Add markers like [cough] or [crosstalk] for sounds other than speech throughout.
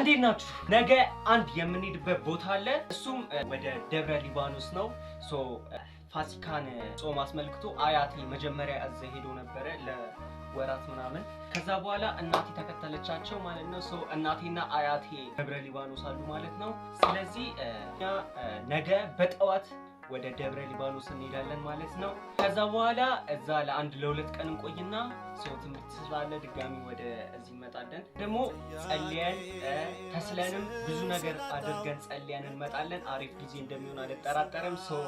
እንዴት ናችሁ? ነገ አንድ የምንሄድበት ቦታ አለ። እሱም ወደ ደብረ ሊባኖስ ነው። ፋሲካን ጾም አስመልክቶ አያቴ መጀመሪያ እዛ ሄዶ ነበረ ለወራት ምናምን። ከዛ በኋላ እናቴ ተከተለቻቸው ማለት ነው። ሶ እናቴና አያቴ ደብረ ሊባኖስ አሉ ማለት ነው። ስለዚህ ነገ በጠዋት ወደ ደብረ ሊባኖስ እንሄዳለን ማለት ነው። ከዛ በኋላ እዛ ለአንድ ለሁለት ቀን እንቆይና ሰው ትምህርት ስላለ ድጋሚ ወደ እዚህ እንመጣለን። ደግሞ ጸልየን ተስለንም ብዙ ነገር አድርገን ጸልየን እንመጣለን። አሪፍ ጊዜ እንደሚሆን አልጠራጠርም። ሰው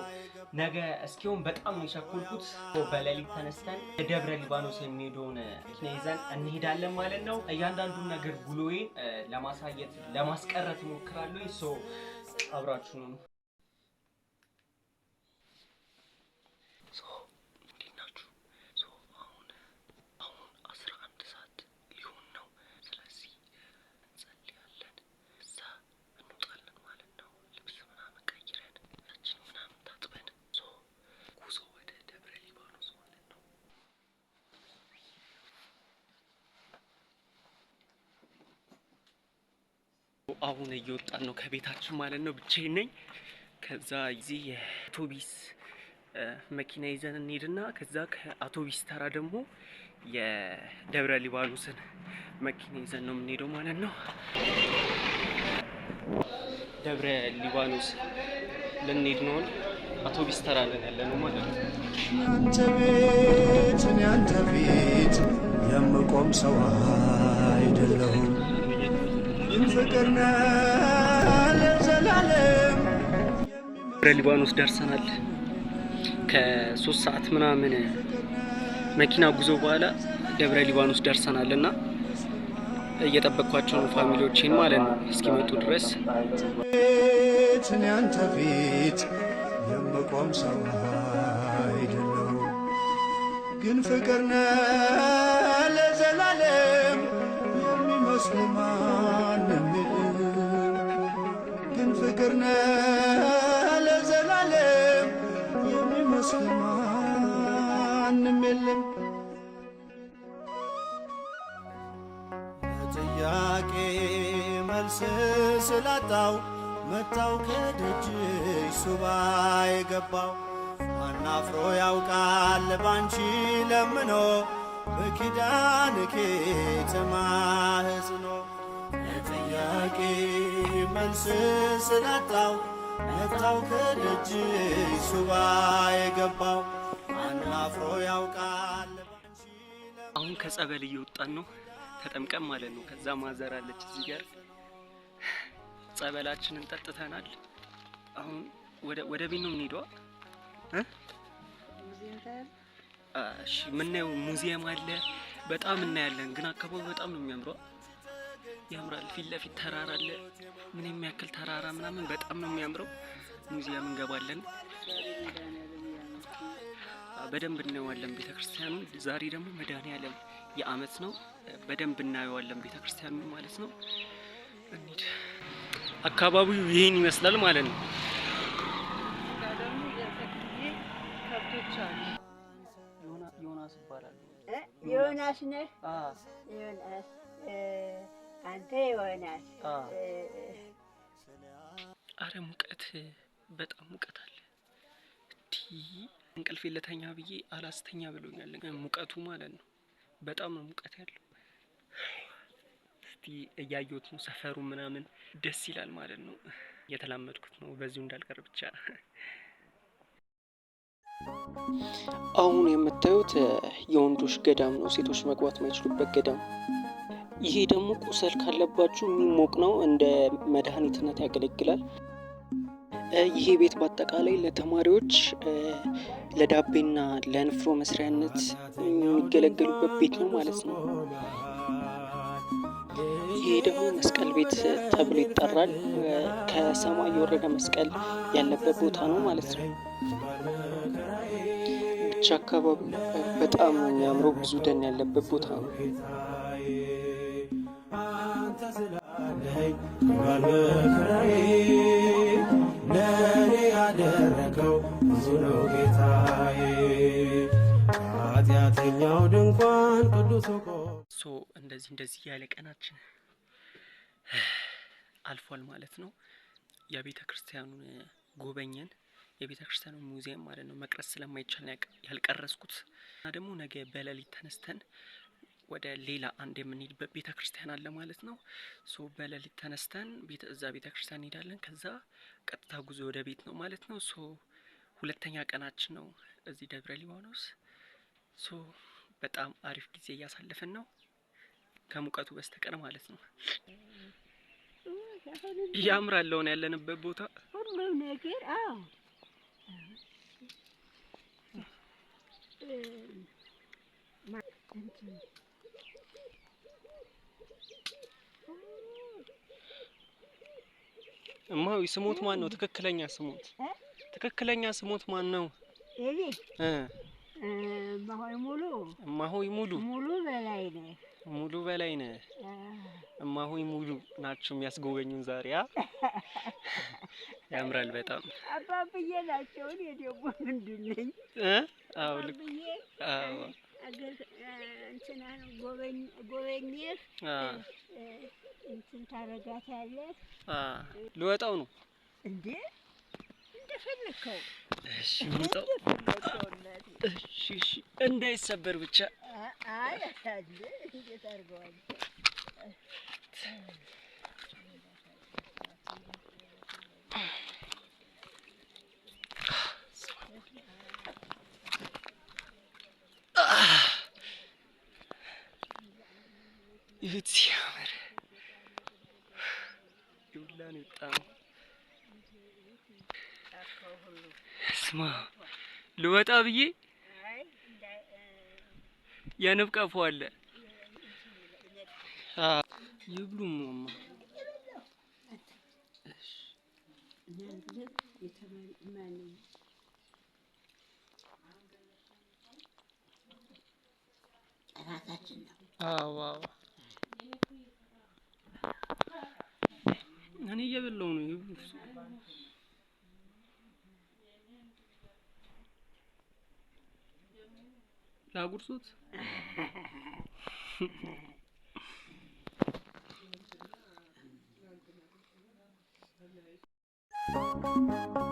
ነገ እስኪሆን በጣም ነው የሸኮልኩት። በሌሊት ተነስተን ደብረ ሊባኖስ የሚሄደውን መኪና ይዘን እንሄዳለን ማለት ነው። እያንዳንዱን ነገር ጉሎዬን ለማሳየት ለማስቀረት ሞክራለሁ። ሰው አብራችሁ ነው አሁን እየወጣን ነው ከቤታችን ማለት ነው። ብቻዬን ነኝ። ከዛ ጊዜ የአውቶቢስ መኪና ይዘን እንሄድና ከዛ ከአውቶቢስ ተራ ደግሞ የደብረ ሊባኖስን መኪና ይዘን ነው የምንሄደው ማለት ነው። ደብረ ሊባኖስ ልንሄድ ነውን? አውቶቢስ ተራ ነን ያለ ነው ማለት ነው። ቤት ቤት የምቆም ሰው አይደለሁም ፍቅርነ ሊባኖስ ደርሰናል። ከሶስት ሰዓት ምናምን መኪና ጉዞ በኋላ ደብረ ሊባኖስ ደርሰናል እና እየጠበቅኳቸው ነው ፋሚሊዎችን ማለት ነው እስኪመጡ ድረስ ያንተ ፊት የምቆም ሰው ግን ፍቅርነ ለዘላለም የሚመስል ፍቅርነ ለዘላለም የሚመስል ማንም የለም። ለጥያቄ መልስ ስላጣው መታው ከደጅሽ ሱባ የገባው ማናፍሮ ያውቃል ባንቺ ለምኖ በኪዳንኬ ተማህዝኖ ጥያቄ መልስ ስላጣው መጣው ከደጅ አናፍሮ ያውቃል። አሁን ከጸበል እየወጣን ነው፣ ተጠምቀን ማለት ነው። ከዛ ማዘር አለች እዚህ ጋር ጸበላችንን ጠጥተናል። አሁን ወደ ቤት ነው እንሄዷ። እሺ፣ የምናየው ሙዚየም አለ፣ በጣም እናያለን። ግን አካባቢ በጣም ነው የሚያምረው። ያምራል። ፊት ለፊት ተራራ አለ። ምን የሚያክል ተራራ ምናምን በጣም ነው የሚያምረው። ሙዚየም እንገባለን፣ በደንብ እናየዋለን ቤተክርስቲያኑ ዛሬ ደግሞ መድኃኔዓለም የአመት ነው፣ በደንብ እናየዋለን ቤተክርስቲያኑ ማለት ነው። እንሂድ። አካባቢው ይህን ይመስላል ማለት ነው። ዮናስ ይባላል። ዮናስ ነህ? ዮናስ አንተ ይሆናል። አረ ሙቀት፣ በጣም ሙቀት አለ። እንቅልፍ ለተኛ ብዬ አላስተኛ ብሎኛል። ሙቀቱ ማለት ነው። በጣም ነው ሙቀት ያለው። እስቲ እያየሁት ነው ሰፈሩ ምናምን ደስ ይላል ማለት ነው። እየተላመድኩት ነው። በዚሁ እንዳልቀር ብቻ አሁን የምታዩት የወንዶች ገዳም ነው። ሴቶች መግባት ማይችሉበት ገዳም ይሄ ደግሞ ቁስል ካለባችሁ የሚሞቅ ነው፣ እንደ መድኃኒትነት ያገለግላል። ይሄ ቤት በአጠቃላይ ለተማሪዎች ለዳቤና ለንፍሮ መስሪያነት የሚገለገሉበት ቤት ነው ማለት ነው። ይሄ ደግሞ መስቀል ቤት ተብሎ ይጠራል። ከሰማይ የወረደ መስቀል ያለበት ቦታ ነው ማለት ነው። ብቻ አካባቢ በጣም የሚያምረው ብዙ ደን ያለበት ቦታ ነው። ለኝ ያደረገው ብዙ ኃጢአተኛው ድንኳን ቅዱስ ቆ ሶ እንደዚህ እንደዚህ ያለ ቀናችን አልፏል ማለት ነው። የቤተ ክርስቲያኑን ጎበኘን። የቤተ ክርስቲያኑ ሙዚየም ማለት ነው። መቅረስ ስለማይቻል ያልቀረስኩት እና ደግሞ ነገ በሌሊት ተነስተን ወደ ሌላ አንድ የምንሄድበት ቤተ ክርስቲያን አለ ማለት ነው። ሶ በሌሊት ተነስተን እዛ ቤተ ክርስቲያን እንሄዳለን። ከዛ ቀጥታ ጉዞ ወደ ቤት ነው ማለት ነው። ሶ ሁለተኛ ቀናችን ነው እዚህ ደብረ ሊባኖስ። ሶ በጣም አሪፍ ጊዜ እያሳለፍን ነው ከሙቀቱ በስተቀር ማለት ነው። ያምራል ያለንበት ቦታ ሁሉም ነገር። አዎ እንትን እማዊ ስሞት ማን ነው? ትክክለኛ ስሞት ትክክለኛ ስሞት ማን ነው? እማሆይ ሙሉ ሙሉ በላይ ነህ ሙሉ በላይ ነህ። እማሆይ ሙሉ ናቸው የሚያስጎበኙን ዛሬ። [laughs] ያምራል በጣም አባብዬ ናቸው። እኔ ደግሞ ምንድን ነኝ? አዎ ልክ አዎ እንትና ጎበኝ ጎበኝህ እንትን ታረጋታለህ። ልወጣው ነው እንዴ? እንደፈለከው። እሺ ውጣው። እሺ እሺ፣ እንዳይሰበር ብቻ። አይ አታድል። እንዴት አድርገዋለሁ? ይህ የመጣው ስማ ልወጣ ብዬ የንብ ቀፎ አለ ይብሉም ራሳችን ነው። እኔ እየበላው ነው። ላጉርሱት [laughs]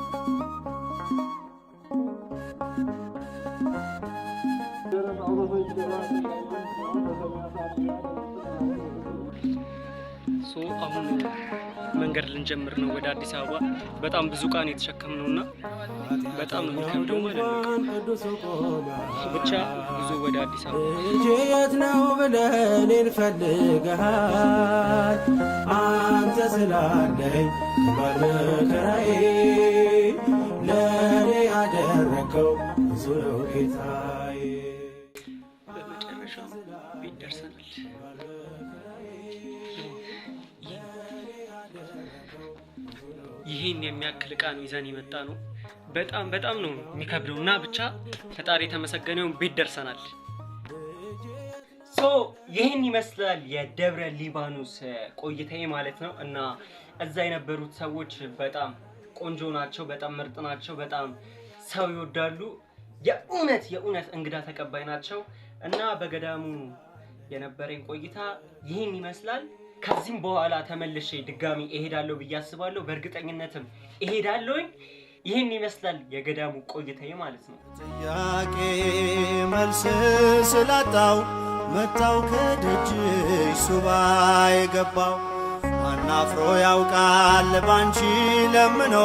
አሁን መንገድ ልንጀምር ነው ወደ አዲስ አበባ። በጣም ብዙ ቃን የተሸከም ነው እና በጣም ነው የሚከብደው ማለት ብቻ ብዙ ወደ አዲስ አበባ የት ነው ብለን እንፈልገሃል አንተ ስላለኝ ባልመከራዬ ለእኔ አደረከው ብዙ ነው ጌታ ይሄን የሚያክል እቃ ነው ይዘን የመጣ ነው። በጣም በጣም ነው የሚከብደው እና ብቻ ፈጣሪ የተመሰገነውን ቤት ደርሰናል። ሶ ይህን ይመስላል የደብረ ሊባኖስ ቆይታዬ ማለት ነው እና እዛ የነበሩት ሰዎች በጣም ቆንጆ ናቸው፣ በጣም ምርጥ ናቸው፣ በጣም ሰው ይወዳሉ። የእውነት የእውነት እንግዳ ተቀባይ ናቸው እና በገዳሙ የነበረኝ ቆይታ ይህን ይመስላል። ከዚህም በኋላ ተመልሼ ድጋሚ እሄዳለሁ ብዬ አስባለሁ። በእርግጠኝነትም እሄዳለሁኝ። ይህን ይመስላል የገዳሙ ቆይታዬ ማለት ነው። ጥያቄ መልስ ስላጣው መጣው ከደጅሽ ሱባ የገባው አናፍሮ ያውቃል ባንቺ ለምኖ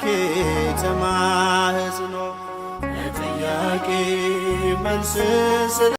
በኪዳንኬ ተማህዝኖ ለጥያቄ መልስ